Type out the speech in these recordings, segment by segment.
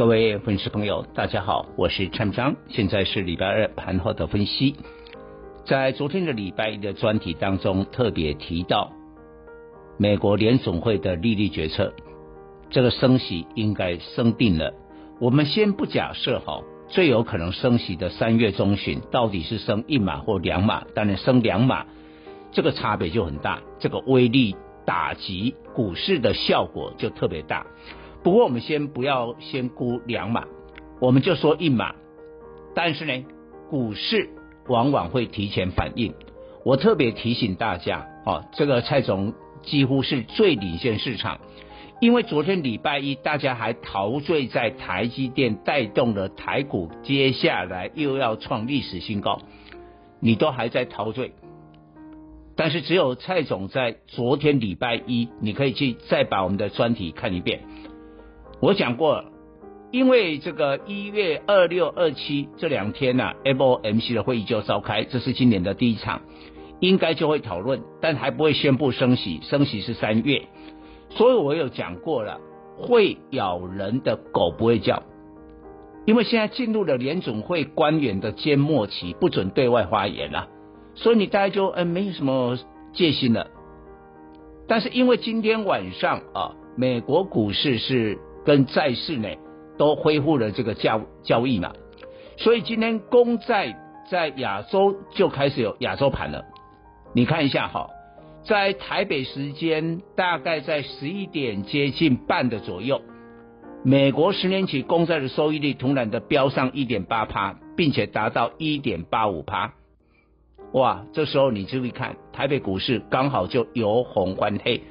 各位粉絲朋友，大家好，我是蔡明彰，現在是禮拜二盤後的分析。在昨天的禮拜一的專題當中，特別提到美國聯準會的利率決策，這個升息應該升定了。我們先不假設哈，最有可能升息的三月中旬，到底是升一碼或兩碼，當然升兩碼，這個差別就很大，這個威力打擊股市的效果就特別大。不過我們先不要先估兩碼，我們就說一碼。但是呢，股市往往會提前反應。我特別提醒大家哦，這個蔡總幾乎是最領先市場，因為昨天禮拜一大家還陶醉在台積電帶動了台股接下來又要創歷史新高，你都還在陶醉，但是只有蔡總在昨天禮拜一，你可以去再把我們的專題看一遍。我講過，因為這個一月二六二七這兩天呢、啊、，FOMC 的會議就要召開，這是今年的第一場，應該就會討論，但還不會宣布升息，升息是三月。所以我有講過了，會咬人的狗不會叫，因為現在進入了聯準會官員的緘默期，不准對外發言了、啊，所以你大家就嗯、欸、沒有什麼戒心了。但是因為今天晚上啊，美國股市是。跟債市呢都恢復了這個交交易嘛，所以今天公債在亞洲就開始有亞洲盤了。你看一下哈、哦，在台北時間大概在十一點接近半的左右，美國十年期公債的收益率，突然的飆上一點八趴，並且達到一點八五趴。哇，這時候你注意看，台北股市剛好就由紅換黑，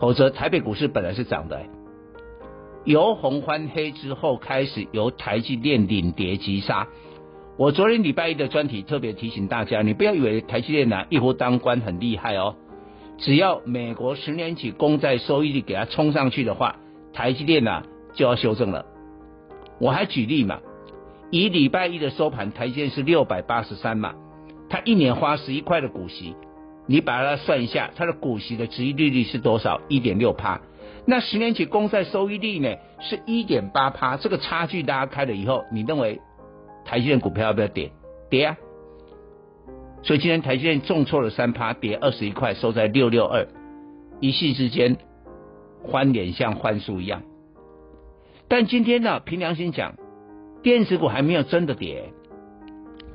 否則台北股市本來是漲的。由紅翻黑之後，開始由台積電領跌急殺。我昨天禮拜一的專題特別提醒大家，你不要以為台積電吶、啊、一夫當關很厲害哦，只要美國十年期公債收益率給它衝上去的話，台積電吶、啊、就要修正了。我還舉例嘛，以禮拜一的收盤，台積電是六百八十三嘛，它一年花十一塊的股息，你把它算一下，它的股息的殖利率是多少？一點六趴。那十年期公債收益率呢是一點八趴，這個差距拉開了以後，你認為台積電股票要不要跌？跌啊！所以今天台積電重挫了三趴，跌二十一塊，收在六六二，一夕之間翻臉像翻書一樣。但今天呢，憑良心講，電子股還沒有真的跌，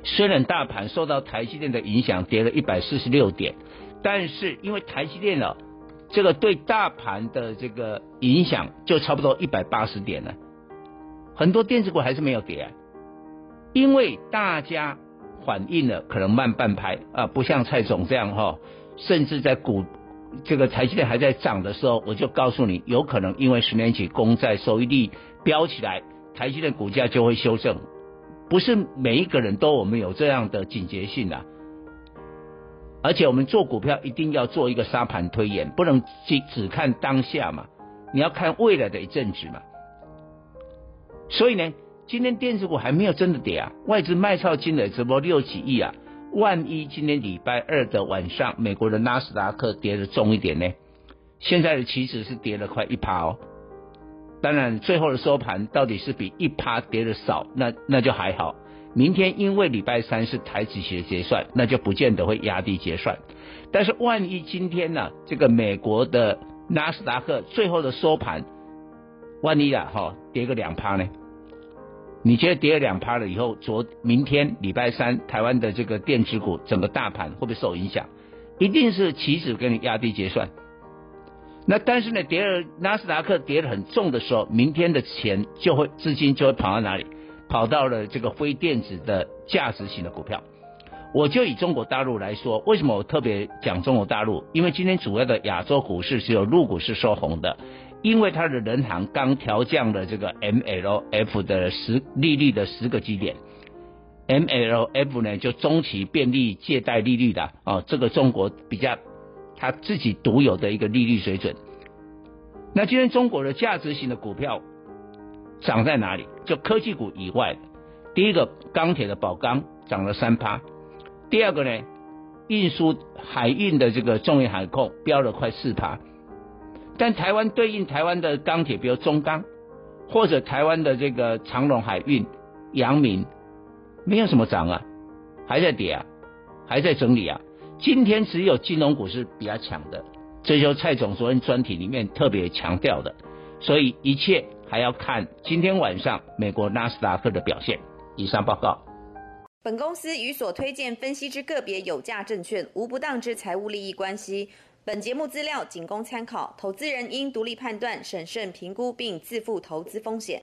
雖然大盤受到台積電的影響跌了一百四十六點，但是因為台積電呢、喔。這個對大盤的這個影響就差不多一百八十點了，很多電子股還是沒有跌啊，因為大家反應了可能慢半拍啊，不像蔡總這樣哈，甚至在股這個台積電還在漲的時候，我就告訴你有可能因為十年期公債收益率飆起來，台積電股價就會修正，不是每一個人都我們有這樣的警覺性啊。而且我們做股票一定要做一個沙盤推演，不能只只看當下嘛，你要看未來的一陣子嘛。所以呢，今天電子股還沒有真的跌啊，外資賣超金額只不過六幾億啊。萬一今天禮拜二的晚上，美國的納斯達克跌的重一點呢？現在的期指是跌了快一趴哦。當然，最後的收盤到底是比一趴跌的少，那那就還好。明天因為禮拜三是台指期的結算，那就不見得會壓低結算。但是萬一今天呢、啊，這個美國的納斯達克最後的收盤，萬一啊哈、哦、跌個兩趴呢？你覺得跌了兩趴了以後，昨明天禮拜三台灣的這個電子股整個大盤會不會受影響？一定是期指給你壓低結算。那但是呢，跌了納斯達克跌得很重的時候，明天的錢就會資金就會跑到哪裡？跑到了這個非電子的價值型的股票，我就以中國大陸來說，為什麼我特別講中國大陸？因為今天主要的亞洲股市只有陸股是收紅的，因為它的人行剛調降了這個 MLF 的十利率的十個基點，MLF 呢就中期便利借貸利率的啊、哦，這個中國比較它自己獨有的一個利率水準。那今天中國的價值型的股票。漲在哪裡？就科技股以外第一個鋼鐵的寶鋼漲了三趴，第二個呢，運輸海運的這個中遠海控飆了快四趴。但台灣對應台灣的鋼鐵，比如中鋼，或者台灣的這個長榮海運、陽明，沒有什麼漲啊，還在跌啊，還在整理啊。今天只有金融股是比較強的，這就是蔡總昨天專題裡面特別強調的。所以一切。還要看今天晚上美國納斯達克的表現。以上報告。本公司與所推薦分析之個別有價證券無不當之財務利益關係。本節目資料僅供參考，投資人應獨立判斷、審慎評估並自負投資風險。